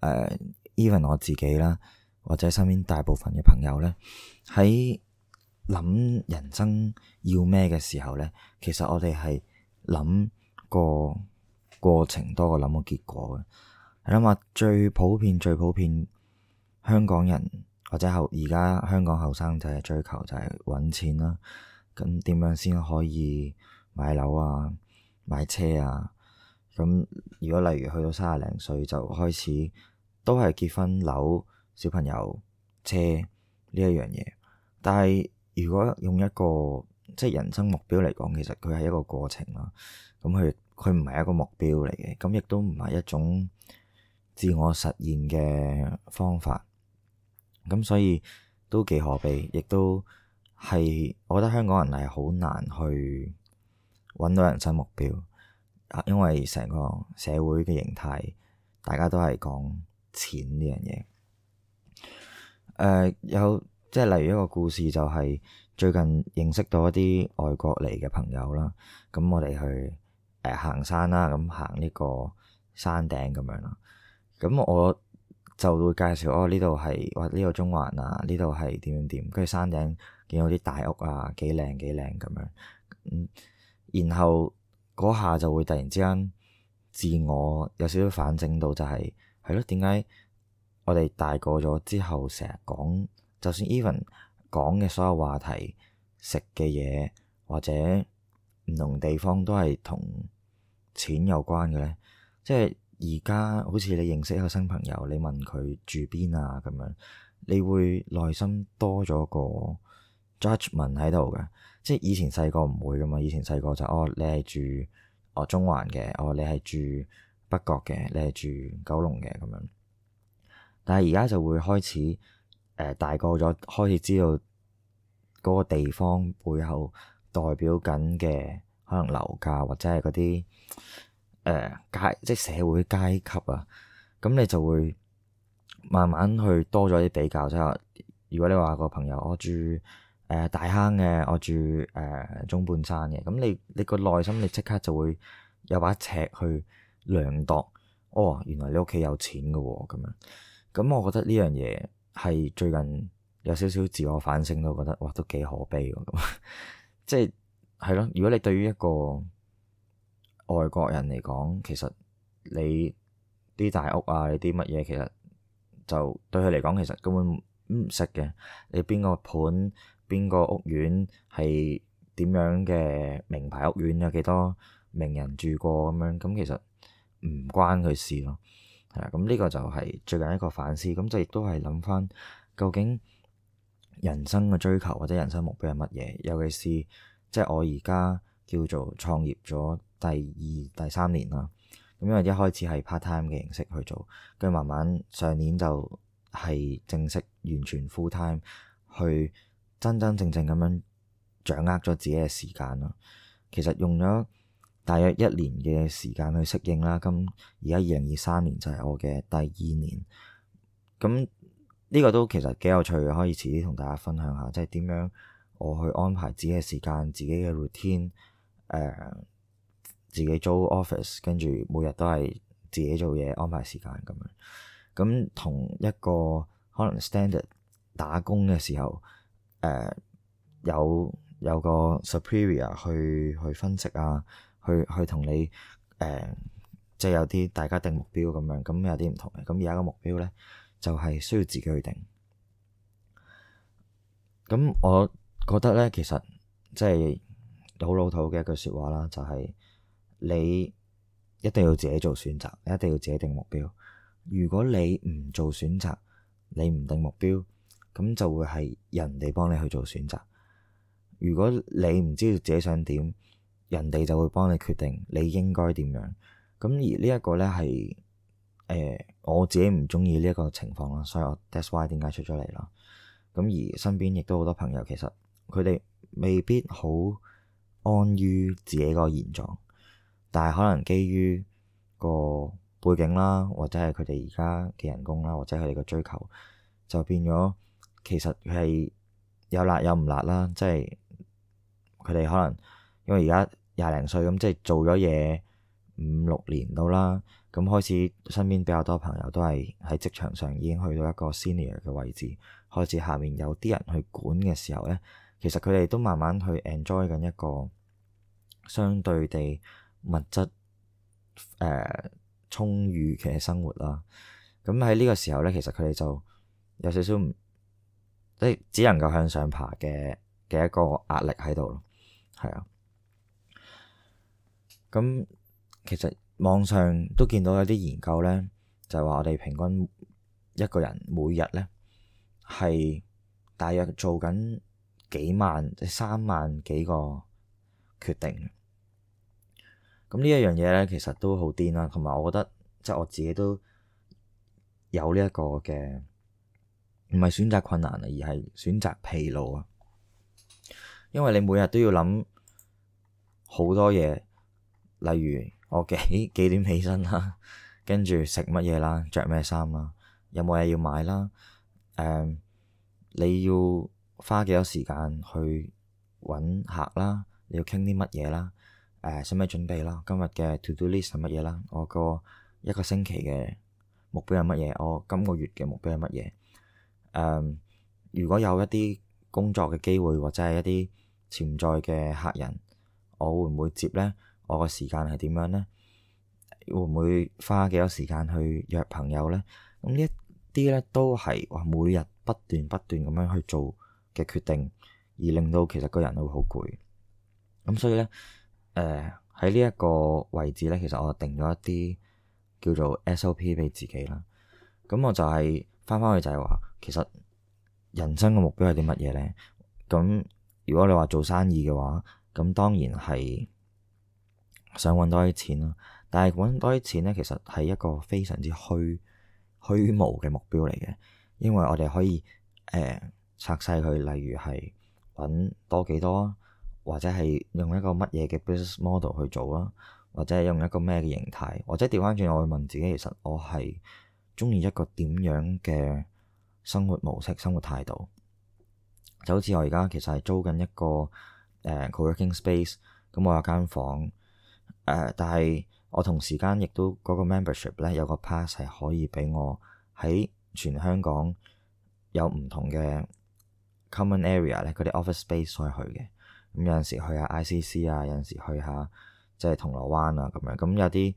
誒、uh,，even 我自己啦，或者身邊大部分嘅朋友咧，喺諗人生要咩嘅時候咧，其實我哋係諗過過程多過諗過結果嘅。諗下最普遍、最普遍，香港人或者後而家香港後生仔嘅追求就係搵錢啦。咁點樣先可以買樓啊、買車啊？咁如果例如去到三十零歲就開始。都係結婚、樓、小朋友、車呢一樣嘢，但係如果用一個即係人生目標嚟講，其實佢係一個過程啦。咁佢佢唔係一個目標嚟嘅，咁亦都唔係一種自我實現嘅方法。咁所以都幾可悲，亦都係我覺得香港人係好難去搵到人生目標，因為成個社會嘅形態，大家都係講。錢呢樣嘢誒，有即係例如一個故事，就是，就係最近認識到一啲外國嚟嘅朋友啦。咁我哋去誒、呃、行山啦，咁行呢個山頂咁樣啦。咁我就會介紹哦，呢度係哇，呢個中環啊，呢度係點點點。跟住山頂見到啲大屋啊，幾靚幾靚咁樣。嗯，然後嗰下就會突然之間自我有少少反省到，就是，就係。係咯，點解我哋大個咗之後，成日講，就算 even 講嘅所有話題、食嘅嘢或者唔同地方都係同錢有關嘅咧？即係而家好似你認識一個新朋友，你問佢住邊啊咁樣，你會內心多咗個 judgment 喺度嘅。即係以前細個唔會噶嘛，以前細個就，哦，你係住哦中環嘅，哦你係住。北角嘅，你係住九龍嘅咁樣，但係而家就會開始誒、呃、大個咗，開始知道嗰個地方背後代表緊嘅可能樓價或者係嗰啲誒階即係社會階級啊。咁你就會慢慢去多咗啲比較，即、就、係、係、如果你話個朋友我住誒大坑嘅，我住誒、呃呃、中半山嘅，咁你你個內心你即刻就會有把尺去。兩多哦，原來你屋企有錢㗎喎。哦，咁樣咁，我覺得呢樣嘢係最近有少少自我反省都覺得，哇都幾可悲喎。咁即係係咯。如果你對於一個外國人嚟講，其實你啲大屋啊，你啲乜嘢其實就對佢嚟講，其實根本唔識嘅。你邊個盤，邊個屋苑係點樣嘅名牌屋苑，有幾多名人住過咁樣咁，其實。唔關佢事咯，係啦，咁呢個就係最近一個反思，咁就亦都係諗翻究竟人生嘅追求或者人生目標係乜嘢，尤其是即係我而家叫做創業咗第二、第三年啦，咁因為一開始係 part time 嘅形式去做，跟住慢慢上年就係正式完全 full time 去真真正正咁樣掌握咗自己嘅時間咯，其實用咗。大約一年嘅時間去適應啦，咁而家二零二三年就係我嘅第二年，咁呢、呢個都其實幾有趣，可以遲啲同大家分享下，即係點樣我去安排自己嘅時間、自己嘅 routine，誒、呃，自己租 office，跟住每日都係自己做嘢、安排時間咁樣，咁同一個可能 standard 打工嘅時候，誒、呃、有有個 superior 去去分析啊。去去同你，誒，即係有啲大家定目標咁樣，咁有啲唔同嘅。咁而家個目標呢，就係需要自己去定。咁我覺得呢，其實即係好老土嘅一句説話啦，就係你一定要自己做選擇，一定要自己定目標。如果你唔做選擇，你唔定目標，咁就會係人哋幫你去做選擇。如果你唔知道自己想點，人哋就會幫你決定你應該點樣，咁而呢一個呢，係、呃、誒我自己唔中意呢一個情況啦，所以我 that's why 點解出咗嚟啦。咁而身邊亦都好多朋友，其實佢哋未必好安於自己個現狀，但係可能基於個背景啦，或者係佢哋而家嘅人工啦，或者佢哋嘅追求，就變咗其實係有辣有唔辣啦，即係佢哋可能因為而家。廿零歲咁，即係做咗嘢五六年到啦。咁開始身邊比較多朋友都係喺職場上已經去到一個 senior 嘅位置，開始下面有啲人去管嘅時候咧，其實佢哋都慢慢去 enjoy 緊一個相對地物質誒、呃、充裕嘅生活啦。咁喺呢個時候咧，其實佢哋就有少少，唔，即係只能夠向上爬嘅嘅一個壓力喺度咯。係啊。咁其實網上都見到有啲研究咧，就係話我哋平均一個人每日咧係大約做緊幾萬，即三萬幾個決定。咁呢一樣嘢咧，其實都好癲啦。同埋我覺得，即係我自己都有呢一個嘅，唔係選擇困難啊，而係選擇疲勞啊。因為你每日都要諗好多嘢。例如我幾幾點起身啦，跟住食乜嘢啦，着咩衫啦，有冇嘢要買啦？誒、嗯，你要花幾多時間去揾客啦？你要傾啲乜嘢啦？誒、嗯，使唔使準備啦？今日嘅 to do list 係乜嘢啦？我個一個星期嘅目標係乜嘢？我今個月嘅目標係乜嘢？誒、嗯，如果有一啲工作嘅機會或者係一啲潛在嘅客人，我會唔會接咧？我個時間係點樣呢？會唔會花幾多時間去約朋友呢？咁呢一啲呢都係話每日不斷不斷咁樣去做嘅決定，而令到其實個人會好攰。咁所以呢，誒喺呢一個位置呢，其實我定咗一啲叫做 SOP 俾自己啦。咁我就係翻翻去就係話，其實人生嘅目標係啲乜嘢呢？咁如果你話做生意嘅話，咁當然係。想揾多啲錢啦，但係揾多啲錢呢，其實係一個非常之虛虛無嘅目標嚟嘅，因為我哋可以拆細佢，例如係揾多幾多，或者係用一個乜嘢嘅 business model 去做啦，或者係用一個咩嘅形態，或者調翻轉，我會問自己，其實我係中意一個點樣嘅生活模式、生活態度。就好似我而家其實係租緊一個誒、呃、co-working space，咁我有間房。誒，但係我同時間亦都嗰個 membership 咧，有個 pass 係可以俾我喺全香港有唔同嘅 common area 咧，嗰啲 office space 可以去嘅。咁有陣時去下 ICC 啊，有陣時去下即係銅鑼灣啊樣，咁樣咁有啲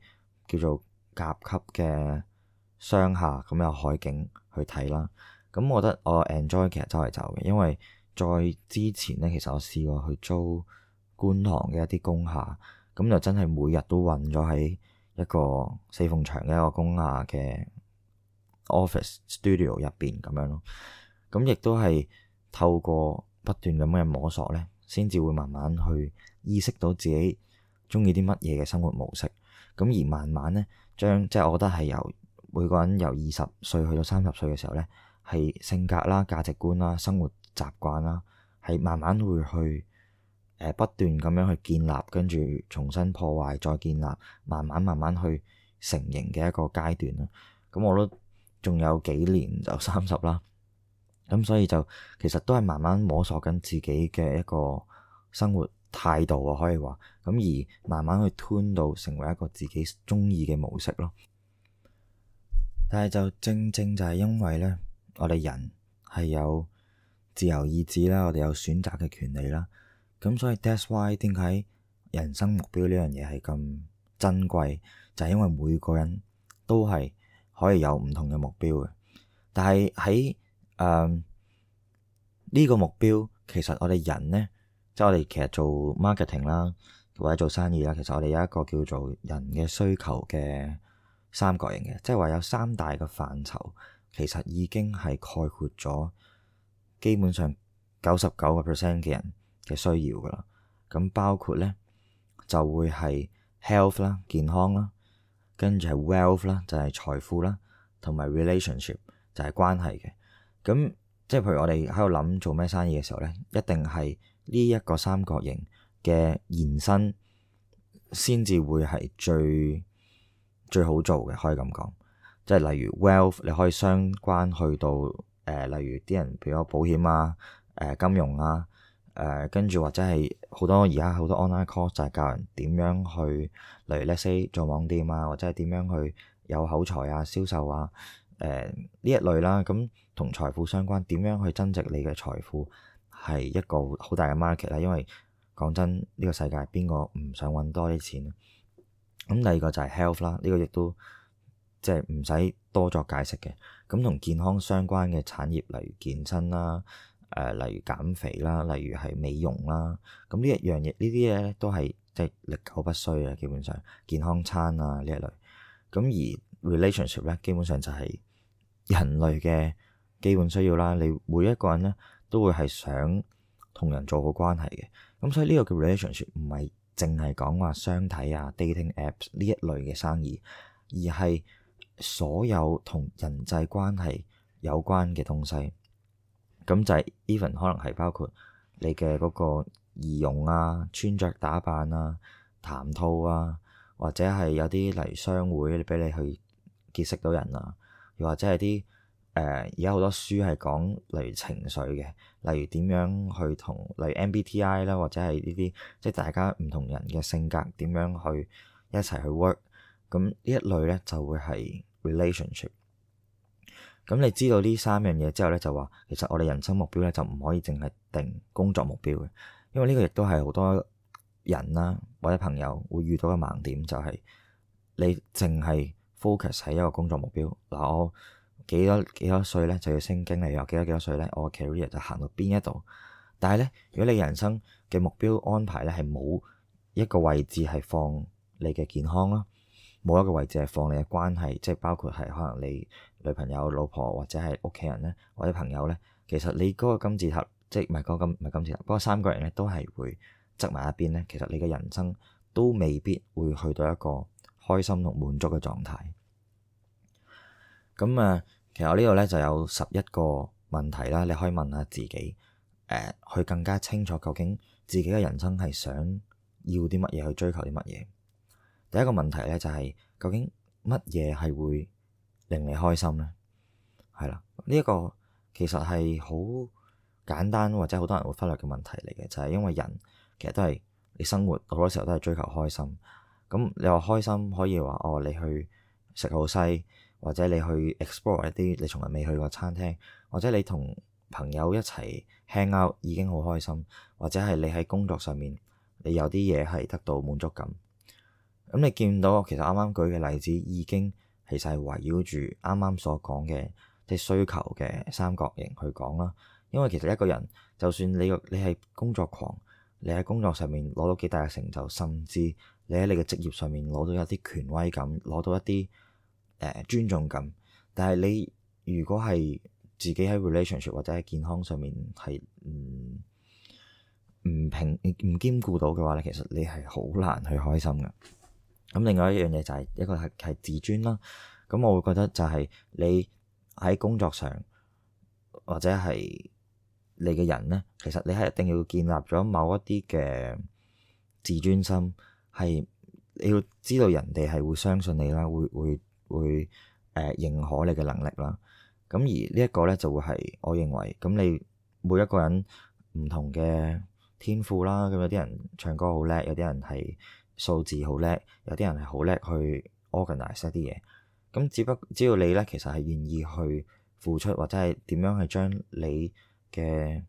叫做甲級嘅商廈咁有海景去睇啦。咁我覺得我 enjoy 其實周圍走嘅，因為在之前咧，其實我試過去租觀塘嘅一啲工廈。咁就真係每日都混咗喺一個四方牆嘅一個工廈嘅 office studio 入邊咁樣咯。咁亦都係透過不斷咁嘅摸索咧，先至會慢慢去意識到自己中意啲乜嘢嘅生活模式。咁而慢慢咧，將即係我覺得係由每個人由二十歲去到三十歲嘅時候咧，係性格啦、價值觀啦、生活習慣啦，係慢慢會去。不斷咁樣去建立，跟住重新破壞，再建立，慢慢慢慢去成形嘅一個階段啦。咁，我都仲有幾年就三十啦，咁所以就其實都係慢慢摸索緊自己嘅一個生活態度啊，可以話咁而慢慢去推到成為一個自己中意嘅模式咯。但係就正正就係因為呢，我哋人係有自由意志啦，我哋有選擇嘅權利啦。咁所以 that's why 點解人生目標呢樣嘢係咁珍貴，就係因為每個人都係可以有唔同嘅目標嘅。但係喺誒呢個目標其實我哋人咧，即係我哋其實做 marketing 啦，或者做生意啦，其實我哋有一個叫做人嘅需求嘅三角形嘅，即係話有三大嘅範疇，其實已經係概括咗基本上九十九個 percent 嘅人。嘅需要噶啦，咁包括咧就會係 health 啦、健康啦，跟住係 wealth 啦，就係財富啦，同埋 relationship 就係關係嘅。咁即係，譬如我哋喺度諗做咩生意嘅時候咧，一定係呢一個三角形嘅延伸，先至會係最最好做嘅，可以咁講。即係例如 wealth，你可以相關去到誒、呃，例如啲人，譬如有保險啊、誒、呃、金融啊。誒，跟住或者係好多而家好多 online course 就係教人點樣去，例如 let's say 做網店啊，或者係點樣去有口才啊、銷售啊，誒、呃、呢一類啦。咁同財富相關，點樣去增值你嘅財富係一個好大嘅 market 啦。因為講真，呢、呢個世界邊個唔想搵多啲錢？咁第二個就係 health 啦，呢個亦都即係唔使多作解釋嘅。咁同健康相關嘅產業，例如健身啦。誒，例如減肥啦，例如係美容啦，咁呢一樣嘢，呢啲嘢都係即係歷久不衰嘅。基本上健康餐啊呢一類，咁而 relationship 咧，基本上就係人類嘅基本需要啦。你每一個人咧都會係想同人做好關係嘅，咁所以呢個叫 relationship 唔係淨係講話相睇啊 dating apps 呢一類嘅生意，而係所有同人際關係有關嘅東西。咁就係 even 可能係包括你嘅嗰個儀容啊、穿着打扮啊、談吐啊，或者係有啲例如商會俾你去結識到人啊，又或者係啲誒而家好多書係講例如情緒嘅，例如點樣去同例如 MBTI 啦，或者係呢啲即係大家唔同人嘅性格點樣去一齊去 work，咁呢一類咧就會係 relationship。咁你知道呢三樣嘢之後咧，就話其實我哋人生目標咧就唔可以淨係定工作目標嘅，因為呢個亦都係好多人啦、啊、或者朋友會遇到嘅盲點，就係、是、你淨係 focus 喺一個工作目標嗱，我幾多幾多歲咧就要升經理，又幾多幾多歲咧我嘅 career 就行到邊一度。但係咧，如果你人生嘅目標安排咧係冇一個位置係放你嘅健康啦，冇一個位置係放你嘅關係，即係包括係可能你。女朋友、老婆或者係屋企人呢，或者朋友呢，其實你嗰個金字塔，即係唔係嗰個金唔係金字塔，不過三個人呢都係會側埋一邊呢，其實你嘅人生都未必會去到一個開心同滿足嘅狀態。咁啊，其實我呢度呢就有十一個問題啦，你可以問下自己，呃，去更加清楚究竟自己嘅人生係想要啲乜嘢，去追求啲乜嘢。第一個問題呢，就係究竟乜嘢係會令你開心咧，係啦，呢一個其實係好簡單，或者好多人會忽略嘅問題嚟嘅，就係因為人其實都係你生活好多時候都係追求開心。咁你話開心可以話哦，你去食好西，或者你去 explore 一啲你從來未去過餐廳，或者你同朋友一齊 hang out 已經好開心，或者係你喺工作上面你有啲嘢係得到滿足感。咁你見到其實啱啱舉嘅例子已經。其實係圍繞住啱啱所講嘅即係需求嘅三角形去講啦，因為其實一個人就算你個你係工作狂，你喺工作上面攞到幾大嘅成就，甚至你喺你嘅職業上面攞到一啲權威感，攞到一啲誒、呃、尊重感，但係你如果係自己喺 relationship 或者喺健康上面係唔唔平唔兼顧到嘅話咧，其實你係好難去開心噶。咁另外一樣嘢就係一個係係自尊啦。咁我會覺得就係你喺工作上或者係你嘅人咧，其實你係一定要建立咗某一啲嘅自尊心，係你要知道人哋係會相信你啦，會會會誒認可你嘅能力啦。咁而呢一個咧就會係我認為咁你每一個人唔同嘅天賦啦。咁有啲人唱歌好叻，有啲人係數字好叻，有啲人係好叻去 organize 一啲嘢。咁只不只要你咧，其實係願意去付出，或者係點樣去將你嘅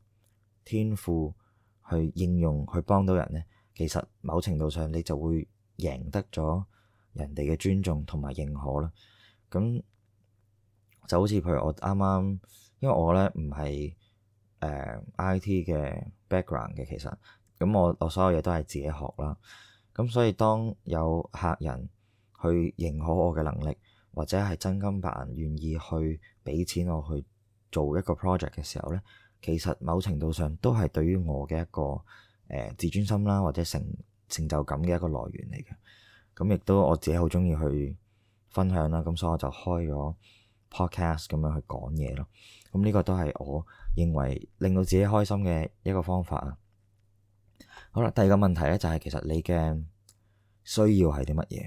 天賦去應用去幫到人咧，其實某程度上你就會贏得咗人哋嘅尊重同埋認可啦。咁就好似譬如我啱啱，因為我咧唔係 IT 嘅 background 嘅，其實咁、呃、我我所有嘢都係自己學啦。咁所以，當有客人去認可我嘅能力，或者係真金白銀願意去畀錢我去做一個 project 嘅時候咧，其實某程度上都係對於我嘅一個誒、呃、自尊心啦，或者成成就感嘅一個來源嚟嘅。咁亦都我自己好中意去分享啦，咁所以我就開咗 podcast 咁樣去講嘢咯。咁呢個都係我認為令到自己開心嘅一個方法啊！好啦，第二個問題咧，就係其實你嘅需要係啲乜嘢？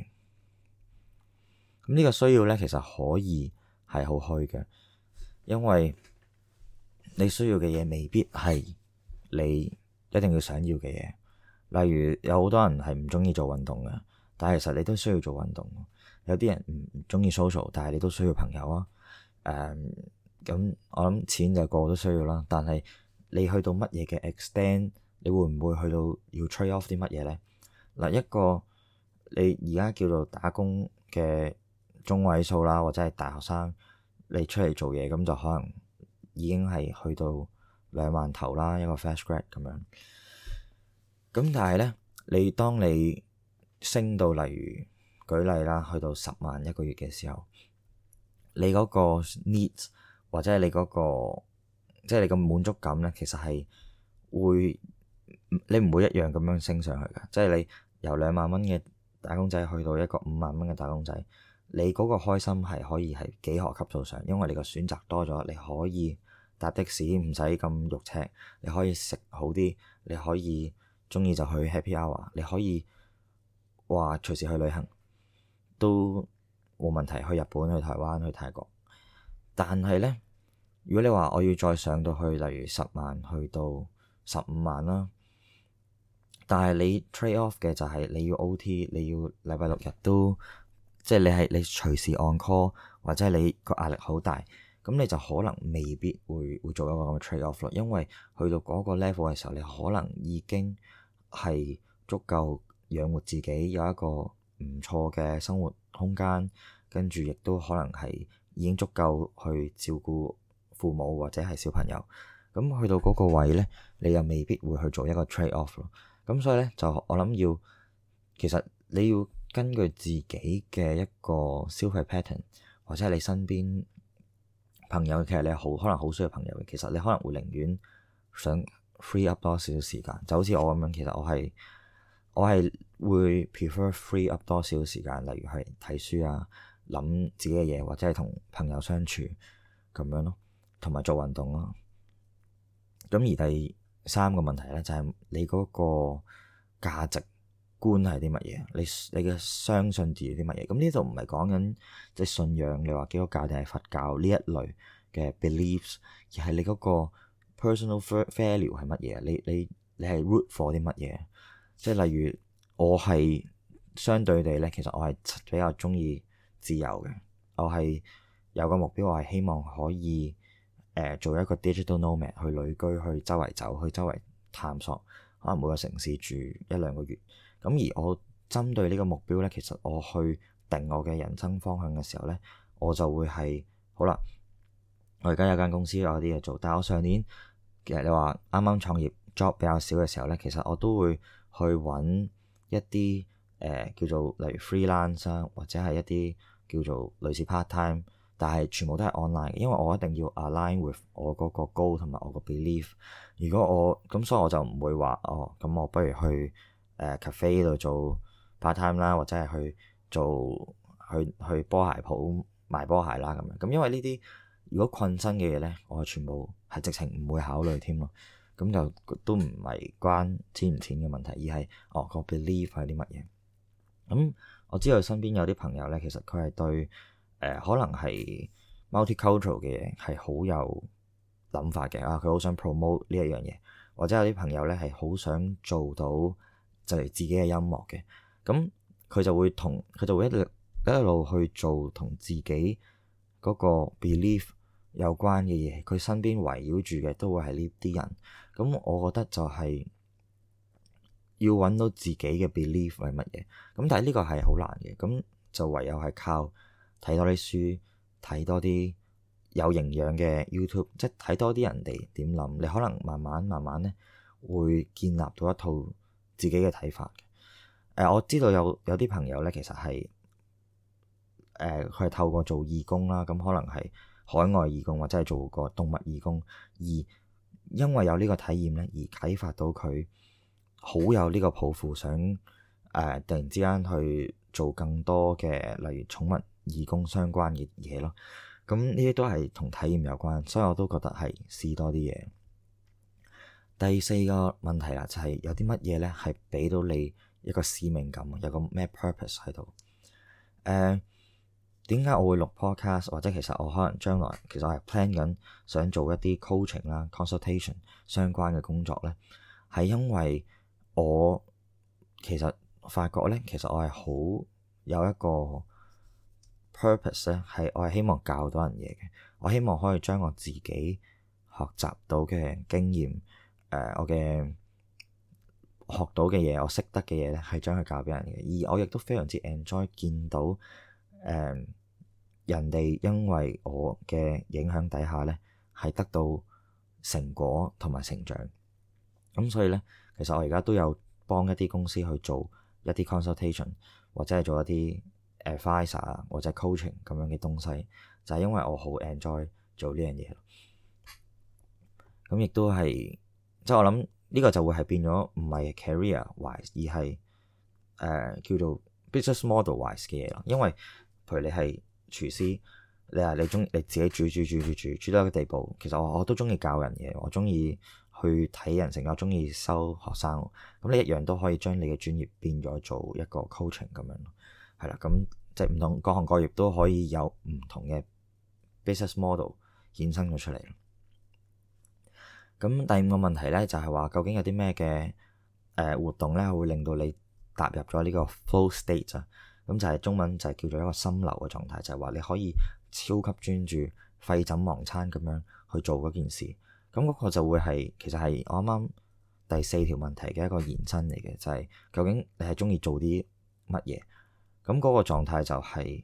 咁、這、呢個需要咧，其實可以係好虛嘅，因為你需要嘅嘢未必係你一定要想要嘅嘢。例如有好多人係唔中意做運動嘅，但係其實你都需要做運動。有啲人唔中意 social，但係你都需要朋友啊。誒、嗯、咁，我諗錢就個個都需要啦。但係你去到乜嘢嘅 extent？你會唔會去到要 trade off 啲乜嘢呢？嗱，一個你而家叫做打工嘅中位數啦，或者係大學生你出嚟做嘢咁，就可能已經係去到兩萬頭啦。一個 fresh grad 咁樣咁，但係呢，你當你升到例如舉例啦，去到十萬一個月嘅時候，你嗰個 needs 或者你嗰個，即係你個滿足感呢，其實係會。你唔會一樣咁樣升上去㗎，即係你由兩萬蚊嘅打工仔去到一個五萬蚊嘅打工仔，你嗰個開心係可以係幾何級數上，因為你個選擇多咗，你可以搭的士唔使咁肉赤，你可以食好啲，你可以鍾意就去 Happy Hour，你可以話隨時去旅行都冇問題，去日本、去台灣、去泰國。但係呢，如果你話我要再上到去，例如十萬去到十五萬啦。但係你 trade off 嘅就係你要 OT，你要禮拜六日都，即係你係你隨時按 call，或者係你個壓力好大，咁你就可能未必會會做一個咁嘅 trade off 咯。因為去到嗰個 level 嘅時候，你可能已經係足夠養活自己，有一個唔錯嘅生活空間，跟住亦都可能係已經足夠去照顧父母或者係小朋友。咁去到嗰個位咧，你又未必會去做一個 trade off 咯。咁所以咧就我諗要，其實你要根據自己嘅一個消費 pattern，或者係你身邊朋友，其實你係好可能好需要朋友嘅，其實你可能會寧願想 free up 多少少時間，就好似我咁樣，其實我係我係會 prefer free up 多少少時間，例如係睇書啊、諗自己嘅嘢，或者係同朋友相處咁樣咯，同埋做運動咯，咁而第二，三個問題咧，就係、是、你嗰個價值觀係啲乜嘢？你你嘅相信自己啲乜嘢？咁呢度唔係講緊即係信仰，你話基督教定係佛教呢一類嘅 beliefs，而係你嗰個 personal value 係乜嘢？你你你係 root for 啲乜嘢？即係例如我係相對地咧，其實我係比較鍾意自由嘅。我係有個目標，我係希望可以。誒做一個 digital nomad 去旅居，去周圍走，去周圍探索，可能每個城市住一兩個月。咁而我針對呢個目標呢，其實我去定我嘅人生方向嘅時候呢，我就會係好啦，我而家有間公司有啲嘢做，但係我上年其實，你話啱啱創業 job 比較少嘅時候呢，其實我都會去揾一啲誒、呃、叫做例如 freelancer 或者係一啲叫做類似 part time。但係全部都係 online，因為我一定要 align with 我嗰個 goal 同埋我個 belief。如果我咁，所以我就唔會話哦，咁我不如去誒 cafe 度做 part time 啦，或者係去做去去波鞋鋪賣波鞋啦咁樣。咁因為呢啲如果困身嘅嘢咧，我全部係直情唔會考慮添咯。咁就都唔係關錢唔錢嘅問題，而係哦個 belief 係啲乜嘢。咁我知道身邊有啲朋友咧，其實佢係對。可能係 multicultural 嘅嘢，係好有諗法嘅啊！佢好想 promote 呢一樣嘢，或者有啲朋友咧係好想做到就係自己嘅音樂嘅，咁佢就會同佢就會一路一路去做同自己嗰個 belief 有關嘅嘢。佢身邊圍繞住嘅都會係呢啲人，咁我覺得就係要揾到自己嘅 belief 係乜嘢。咁但係呢個係好難嘅，咁就唯有係靠。睇多啲書，睇多啲有營養嘅 YouTube，即係睇多啲人哋點諗，你可能慢慢慢慢咧會建立到一套自己嘅睇法嘅。誒、呃，我知道有有啲朋友咧，其實係誒佢係透過做義工啦，咁可能係海外義工或者係做過動物義工，而因為有呢個體驗咧，而啟發到佢好有呢個抱負，想誒、呃、突然之間去做更多嘅，例如寵物。義工相關嘅嘢咯，咁呢啲都係同體驗有關，所以我都覺得係試多啲嘢。第四個問題啦，就係有啲乜嘢咧，係俾到你一個使命感，有個咩 purpose 喺度？誒、呃，點解我會錄 podcast，或者其實我可能將來其實我係 plan 緊想做一啲 coaching 啦、consultation 相關嘅工作咧，係因為我其實發覺咧，其實我係好有一個 purpose 咧係我係希望教到人嘢嘅，我希望可以將我自己學習到嘅經驗，誒、呃、我嘅學到嘅嘢，我識得嘅嘢咧係將佢教俾人嘅。而我亦都非常之 enjoy 見到誒、呃、人哋因為我嘅影響底下咧係得到成果同埋成長。咁所以咧，其實我而家都有幫一啲公司去做一啲 consultation，或者係做一啲。adviser 啊，Adviser，或者 coaching 咁樣嘅東西，就係、是、因為我好 enjoy 做呢樣嘢咯。咁亦都係，即、就、係、是、我諗呢個就會係變咗唔係 career wise，而係誒、呃、叫做 business model wise 嘅嘢咯。因為譬如你係廚師，你話你中你自己煮煮煮煮煮煮到一個地步，其實我我都中意教人嘅，我中意去睇人成長，我中意收學生，咁你一樣都可以將你嘅專業變咗做一個 coaching 咁樣。係啦，咁即係唔同各行各業都可以有唔同嘅 business model 衍生咗出嚟。咁第五個問題咧，就係話究竟有啲咩嘅誒活動咧，會令到你踏入咗呢個 flow state 啊？咁就係中文就係叫做一個心流嘅狀態，就係話你可以超級專注、廢寢忘餐咁樣去做嗰件事。咁嗰個就會係其實係我啱啱第四條問題嘅一個延伸嚟嘅，就係、是、究竟你係中意做啲乜嘢？咁嗰個狀態就係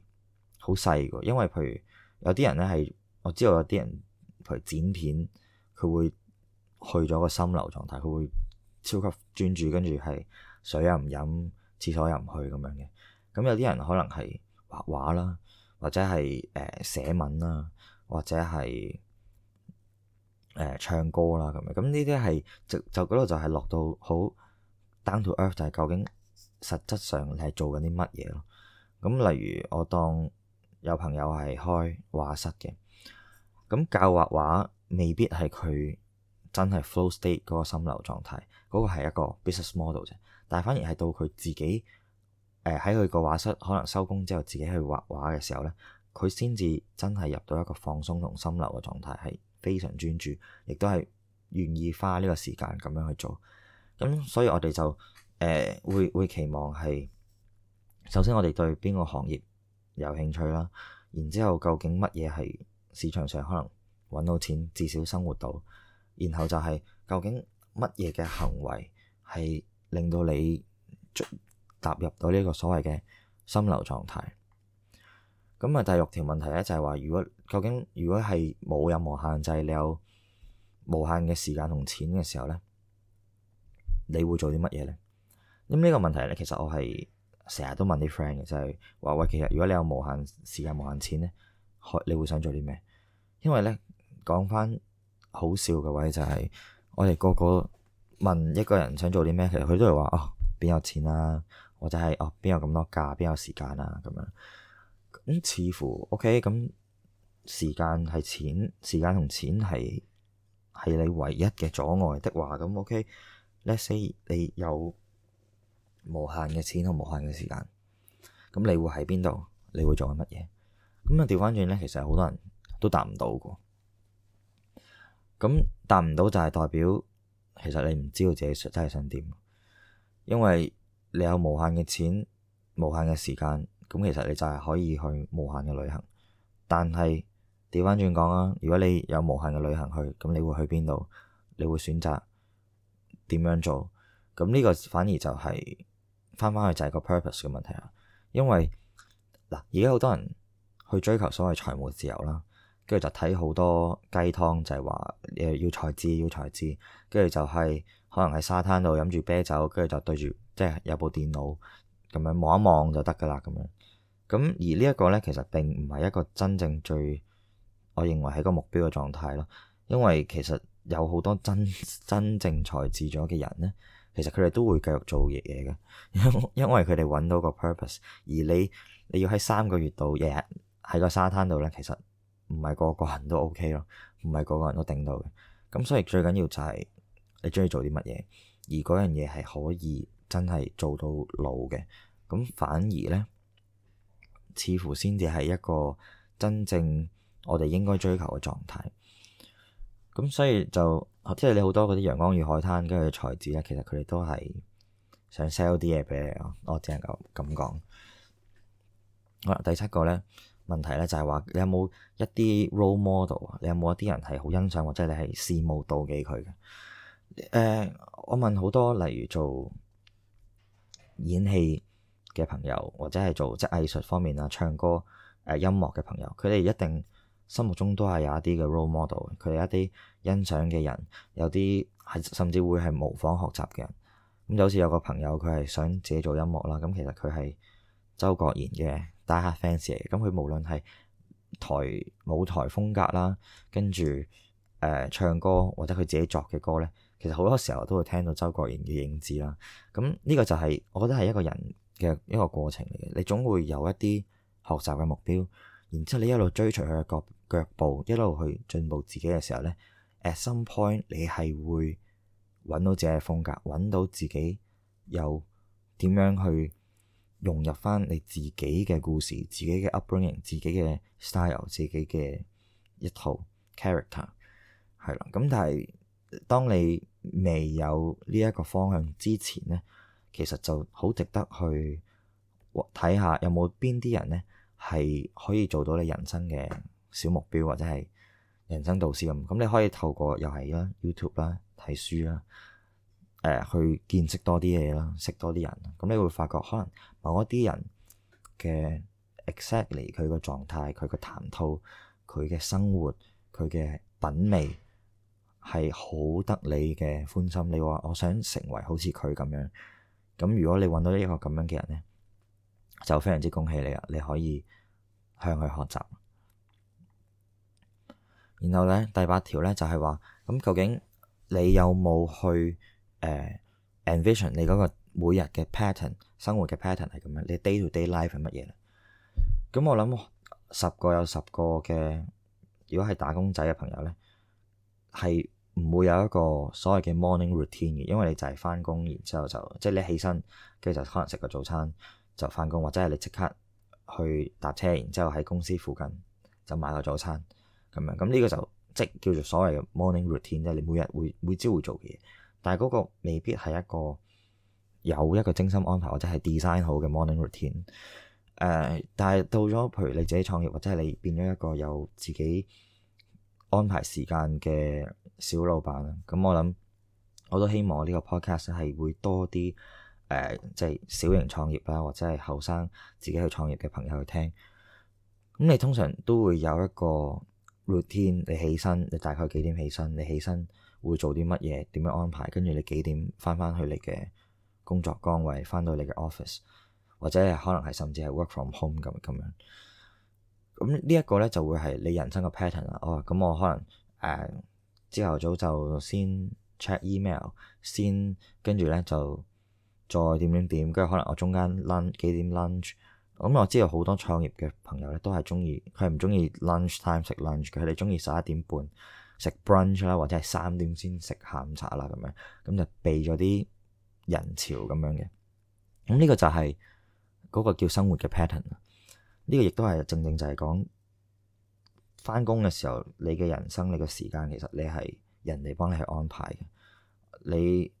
好細嘅，因為譬如有啲人咧係我知道有啲人，譬如剪片，佢會去咗個心流狀態，佢會超級專注，跟住係水又唔飲，廁所又唔去咁樣嘅。咁有啲人可能係畫畫啦，或者係誒寫文啦，或者係誒唱歌啦咁樣。咁呢啲係就就嗰度就係落到好 down to earth，就係究竟實質上你係做緊啲乜嘢咯？咁，例如我當有朋友係開畫室嘅，咁教畫畫未必係佢真係 flow state 嗰個心流狀態，嗰個係一個 business model 啫。但係反而係到佢自己誒喺佢個畫室，可能收工之後自己去畫畫嘅時候咧，佢先至真係入到一個放鬆同心流嘅狀態，係非常專注，亦都係願意花呢個時間咁樣去做。咁所以我哋就誒、呃、會會期望係。首先，我哋對邊個行業有興趣啦，然之後究竟乜嘢係市場上可能揾到錢，至少生活到，然後就係究竟乜嘢嘅行為係令到你踏入到呢個所謂嘅心流狀態。咁啊，第六條問題咧就係話，如果究竟如果係冇任何限制，你有無限嘅時間同錢嘅時候咧，你會做啲乜嘢咧？咁呢個問題咧，其實我係。成日都問啲 friend 嘅就係、是、話喂，其實如果你有無限時間，無限錢咧，開你會想做啲咩？因為咧講翻好笑嘅位就係、是、我哋個個問一個人想做啲咩，其實佢都係話哦，邊有錢啊？或者係哦，邊有咁多假，邊有時間啊。」咁樣。咁似乎 OK，咁時間係錢，時間同錢係係你唯一嘅阻礙的話，咁 OK。Let’s say 你有。無限嘅錢同無限嘅時間，咁你會喺邊度？你會做緊乜嘢？咁啊調翻轉咧，其實好多人都答唔到嘅。咁答唔到就係代表，其實你唔知道自己真係想點。因為你有無限嘅錢、無限嘅時間，咁其實你就係可以去無限嘅旅行。但係調翻轉講啦，如果你有無限嘅旅行去，咁你會去邊度？你會選擇點樣做？咁呢個反而就係。返返去就係個 purpose 嘅問題啊。因為嗱，而家好多人去追求所謂財務自由啦，跟住就睇好多雞湯，就係話誒要財自，要財自，跟住就係可能喺沙灘度飲住啤酒，跟住就對住即係有部電腦咁樣望一望就得噶啦咁樣。咁而呢一個咧，其實並唔係一個真正最，我認為係個目標嘅狀態咯，因為其實有好多真真正財自咗嘅人咧，其實佢哋都會繼續做嘢嘢嘅，因因為佢哋揾到個 purpose，而你你要喺三個月度日日喺個沙灘度咧，其實唔係個個人都 OK 咯，唔係個個人都頂到嘅，咁所以最緊要就係你中意做啲乜嘢，而嗰樣嘢係可以真係做到老嘅，咁反而咧，似乎先至係一個真正我哋應該追求嘅狀態。咁所以就即係你好多嗰啲陽光與海灘跟住財子咧，其實佢哋都係想 sell 啲嘢俾你咯。我只能夠咁講。好啦，第七個咧問題咧就係話，你有冇一啲 role model 啊？你有冇一啲人係好欣賞或者你係羨慕妒忌佢嘅？誒、呃，我問好多，例如做演戲嘅朋友，或者係做即係藝術方面啊、唱歌誒、呃、音樂嘅朋友，佢哋一定，心目中都係有一啲嘅 role model，佢哋一啲欣賞嘅人，有啲係甚至會係模仿學習嘅人。咁就好似有個朋友，佢係想自己做音樂啦。咁其實佢係周國賢嘅 Die Hard fans 嚟嘅。咁佢無論係台舞台風格啦，跟住誒唱歌或者佢自己作嘅歌咧，其實好多時候都會聽到周國賢嘅影子啦。咁呢個就係、是、我覺得係一個人嘅一個過程嚟嘅。你總會有一啲學習嘅目標。然之後，你一路追隨佢嘅腳腳步，一路去進步自己嘅時候咧，at some point 你係會揾到自己嘅風格，揾到自己有點樣去融入返你自己嘅故事、自己嘅 upbringing、自己嘅 style、自己嘅一套 character，係啦。咁但係當你未有呢一個方向之前咧，其實就好值得去睇下有冇邊啲人咧。係可以做到你人生嘅小目標或者係人生導師咁，咁你可以透過又係啦 YouTube 啦、睇書啦，誒、呃、去見識多啲嘢啦，識多啲人，咁你會發覺可能某一啲人嘅 exactly 佢個狀態、佢嘅談吐、佢嘅生活、佢嘅品味係好得你嘅歡心。你話我想成為好似佢咁樣，咁如果你揾到一個咁樣嘅人咧？就非常之恭喜你啦！你可以向佢學習。然後咧，第八條咧就係、是、話，咁究竟你有冇去誒、呃、envision 你嗰個每日嘅 pattern、生活嘅 pattern 係咁樣？你 day to day life 係乜嘢咧？咁我諗十個有十個嘅，如果係打工仔嘅朋友咧，係唔會有一個所謂嘅 morning routine 嘅，因為你就係返工，然之後就即係、就是、你起身，跟住就可能食個早餐。就翻工，或者係你即刻去搭車，然之後喺公司附近就買個早餐咁樣。咁、這、呢個就即叫做所謂嘅 morning routine，即係你每日會每朝會，會做嘅嘢。但係嗰個未必係一個有一個精心安排或者係 design 好嘅 morning routine、呃。誒，但係到咗譬如你自己創業，或者係你變咗一個有自己安排時間嘅小老闆，咁我諗我都希望呢個 podcast 係會多啲。誒，即係小型創業啦，或者係後生自己去創業嘅朋友去聽。咁你通常都會有一個 routine。你起身，你大概幾點起身？你起身會做啲乜嘢？點樣安排？跟住你幾點翻翻去你嘅工作崗位，翻到你嘅 office，或者可能係甚至係 work from home 咁咁樣。咁呢一個咧就會係你人生嘅 pattern 啦。哦，咁我可能誒，呃，朝頭早就先 check email，先跟住咧就。再點點點，跟住可能我中間 lunch 幾點 lunch，咁、啊、我知道好多創業嘅朋友咧都係中意，佢係唔中意 lunch time 食 lunch，佢哋中意十一點半食 brunch 啦，或者係三點先食下午茶啦咁樣，咁就避咗啲人潮咁樣嘅。咁呢、呢個就係嗰個叫生活嘅 pattern。呢個亦都係正正就係講翻工嘅時候，你嘅人生、你嘅時間，其實你係人哋幫你去安排嘅，你。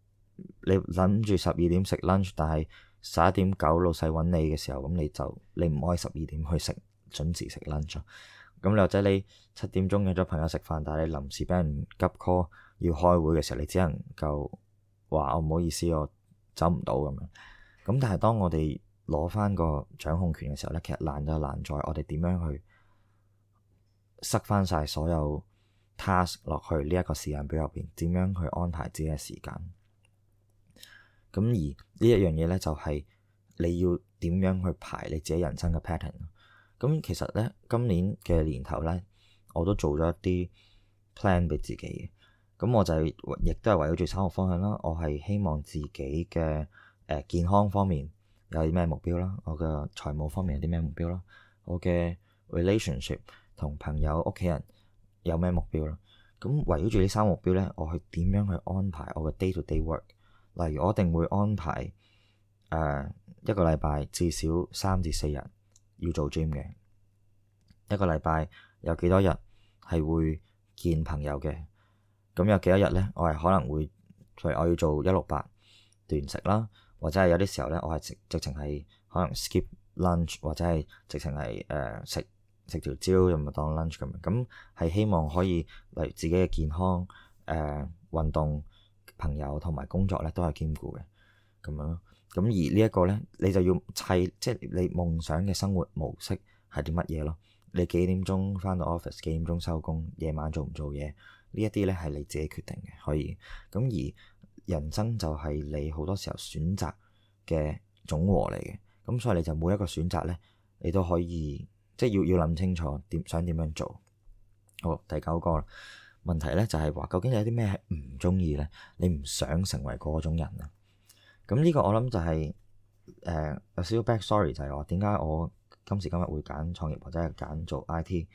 你諗住十二點食 lunch，但係十一點九老細搵你嘅時候，咁你就你唔可以十二點去食，準時食 lunch。咁或者你七點鐘約咗朋友食飯，但係你臨時俾人急 call 要開會嘅時候，你只能夠話我唔好意思，我走唔到咁樣。咁但係當我哋攞翻個掌控權嘅時候呢，其實難就難在我哋點樣去塞翻晒所有 task 落去呢一個時間表入邊，點樣去安排自己嘅時間。咁而呢一樣嘢咧，就係你要點樣去排你自己人生嘅 pattern。咁其實咧，今年嘅年頭咧，我都做咗一啲 plan 俾自己嘅。咁我就係亦都係圍繞住三個方向啦。我係希望自己嘅誒健康方面有啲咩目標啦，我嘅財務方面有啲咩目標啦，我嘅 relationship 同朋友屋企人有咩目標啦。咁圍繞住呢三個目標咧，我去點樣去安排我嘅 day to day work。例如我一定會安排誒一個禮拜至少三至四日要做 gym 嘅，一個禮拜有幾多日係會見朋友嘅，咁有幾多日咧，我係可能會，即係我要做一六八斷食啦，或者係有啲時候咧，我係直直情係可能 skip lunch 或者係直情係誒、呃、食食條蕉咁啊當 lunch 咁，咁係希望可以例如自己嘅健康誒、呃、運動。朋友同埋工作咧都係兼顧嘅咁樣，咁而呢一個咧，你就要砌，即係你夢想嘅生活模式係啲乜嘢咯？你幾點鐘翻到 office，幾點鐘收工，夜晚做唔做嘢？呢一啲咧係你自己決定嘅，可以。咁而人生就係你好多時候選擇嘅總和嚟嘅，咁所以你就每一個選擇咧，你都可以即係要要諗清楚點想點樣做。好，第九個啦。問題咧就係話，究竟有啲咩係唔中意咧？你唔想成為嗰種人啊？咁呢個我諗就係誒有少少 back story 就係我點解我今時今日會揀創業或者係揀做 IT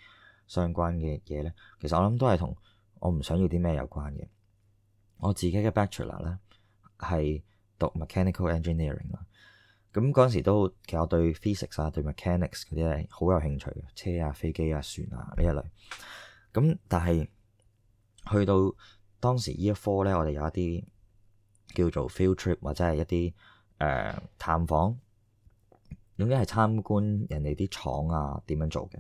相關嘅嘢咧？其實我諗都係同我唔想要啲咩有關嘅。我自己嘅 bachelor 咧係讀 mechanical engineering 啦。咁嗰陣時都其實我對 physics 啊、對 mechanics 嗰啲咧好有興趣嘅，車啊、飛機啊、船啊呢一類。咁但係，去到當時呢一科呢，我哋有一啲叫做 field trip 或者係一啲誒、呃、探訪，總之係參觀人哋啲廠啊點樣做嘅。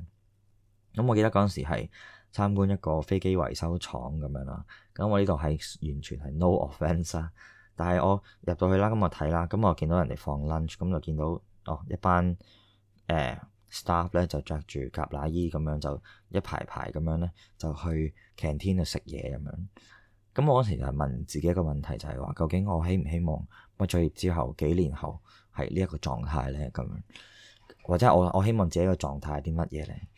咁我記得嗰陣時係參觀一個飛機維修廠咁樣啦。咁我呢度係完全係 no offense 啊，但係我入到去啦，咁我睇啦，咁我見到人哋放 lunch，咁就見到哦一班誒。呃 staff 咧就着住夾乸衣咁樣就一排排咁樣咧，就去 canteen 度食嘢咁樣。咁我嗰時就問自己一個問題，就係，就係話究竟我希唔希望我創業之後幾年後係呢一個狀態咧？咁樣或者我我希望自己嘅狀態係啲乜嘢咧？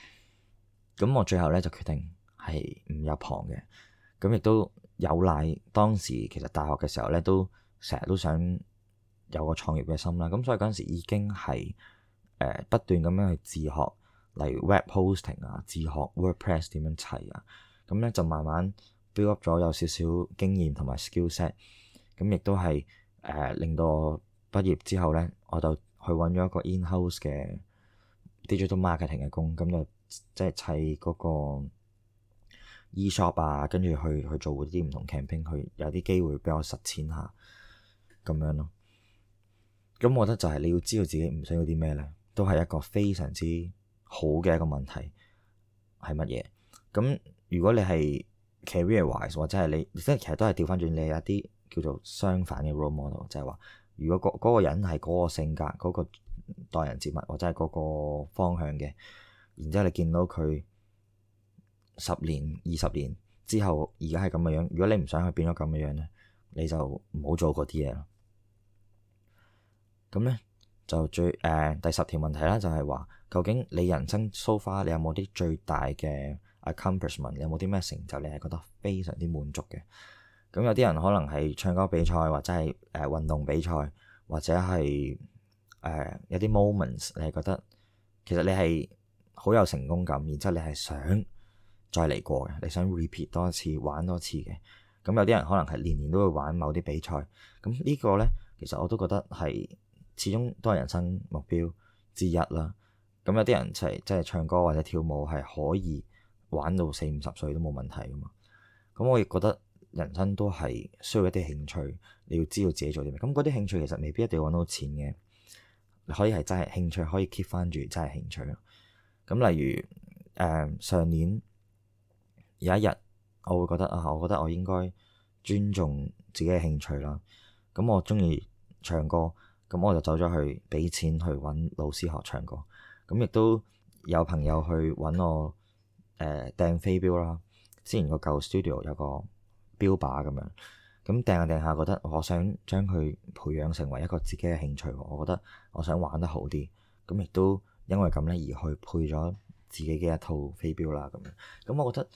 咁我最後咧就決定係唔入行嘅。咁亦都有賴當時其實大學嘅時候咧，都成日都想有個創業嘅心啦。咁所以嗰陣時已經係。誒，不斷咁樣去自學，例如 web hosting 啊，自學 WordPress 點樣砌啊，咁咧就慢慢 build up 咗有少少經驗同埋 skillset，咁亦都係誒令到我畢業之後咧，我就去揾咗一個 in house 嘅 digital marketing 嘅工，咁就即係砌嗰個 e shop 啊，跟住去去做啲唔同 campaign 去有啲機會畀我實踐下咁樣咯。咁我覺得就係你要知道自己唔需要啲咩咧。都係一個非常之好嘅一個問題，係乜嘢？咁如果你係 career wise 或者係你，即係其實都係調翻轉，你有啲叫做相反嘅 role model，就係話，如果嗰、嗰個人係嗰個性格、嗰個待人接物或者係嗰個方向嘅，然之後你見到佢十年、二十年之後而家係咁嘅樣，如果你唔想佢變咗咁嘅樣咧，你就唔好做嗰啲嘢啦。咁咧？就最誒、呃、第十條問題啦，就係、是、話究竟你人生 so far，你有冇啲最大嘅 accomplishment？你有冇啲咩成就？你係覺得非常之滿足嘅？咁有啲人可能係唱歌比賽或者係誒運動比賽，或者係誒、呃、有啲 moments，你係覺得其實你係好有成功感，然之後你係想再嚟過嘅，你想 repeat 多一次玩多次嘅。咁有啲人可能係年年都會玩某啲比賽，咁呢個咧其實我都覺得係。始終都係人生目標之一啦。咁有啲人即係即係唱歌或者跳舞，係可以玩到四五十歲都冇問題㗎嘛。咁我亦覺得人生都係需要一啲興趣，你要知道自己做啲咩。咁嗰啲興趣其實未必一定要揾到錢嘅，你可以係真係興趣，可以 keep 翻住真係興趣。咁例如誒、呃、上年有一日，我會覺得啊，我覺得我應該尊重自己嘅興趣啦。咁我中意唱歌。咁我就走咗去俾錢去揾老師學唱歌，咁亦都有朋友去揾我誒掟、呃、飛鏢啦。之前個舊 studio 有個標靶咁樣，咁掟下掟下，下覺得我想將佢培養成為一個自己嘅興趣，我覺得我想玩得好啲，咁亦都因為咁呢而去配咗自己嘅一套飛鏢啦咁樣。咁我覺得、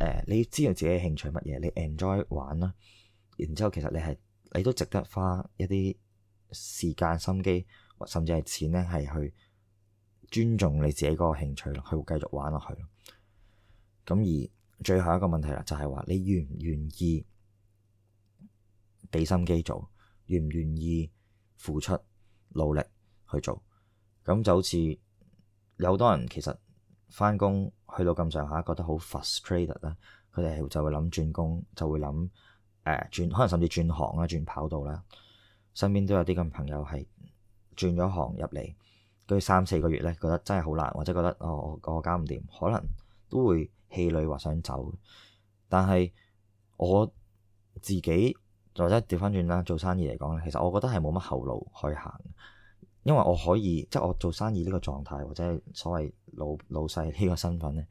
呃、你知道自己嘅興趣乜嘢，你 enjoy 玩啦，然之後其實你係你都值得花一啲。時間、心機，甚至係錢咧，係去尊重你自己嗰個興趣，佢會繼續玩落去。咁而最後一個問題啦，就係話你願唔願意俾心機做，願唔願意付出努力去做？咁就好似有好多人其實返工去到咁上下，覺得好 frustrated 啦，佢哋就會諗轉工，就會諗誒轉，可能甚至轉行啦，轉跑道啦。身邊都有啲咁朋友係轉咗行入嚟，跟住三四個月咧，覺得真係好難，或者覺得、哦、我我搞唔掂，可能都會氣餒或想走。但係我自己或者調翻轉啦，做生意嚟講咧，其實我覺得係冇乜後路可以行，因為我可以即係、就是、我做生意呢個狀態，或者所謂老老細呢個身份咧，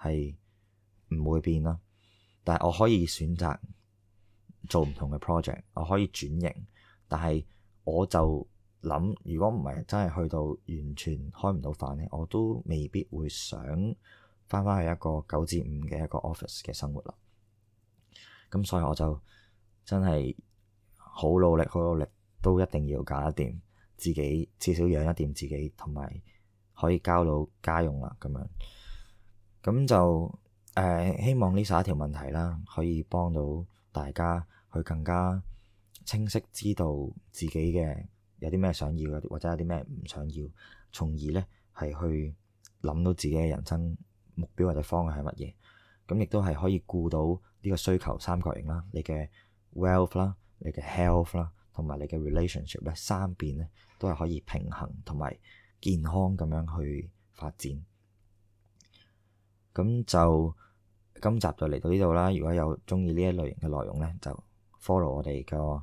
係唔會變啦。但係我可以選擇做唔同嘅 project，我可以轉型。但係我就諗，如果唔係真係去到完全開唔到飯咧，我都未必會想翻返去一個九至五嘅一個 office 嘅生活啦。咁所以我就真係好努力，好努力都一定要搞得掂自己，至少養一掂自己，同埋可以交到家用啦。咁樣咁就誒、呃，希望呢十一條問題啦，可以幫到大家去更加清晰知道自己嘅有啲咩想要，或者有啲咩唔想要，從而呢，係去諗到自己嘅人生目標或者方向係乜嘢。咁亦都係可以顧到呢個需求三角形啦，你嘅 wealth 啦，你嘅 health 啦，同埋你嘅 relationship 咧，三邊呢，都係可以平衡同埋健康咁樣去發展。咁就今集就嚟到呢度啦。如果有中意呢一類型嘅內容呢，就 follow 我哋個。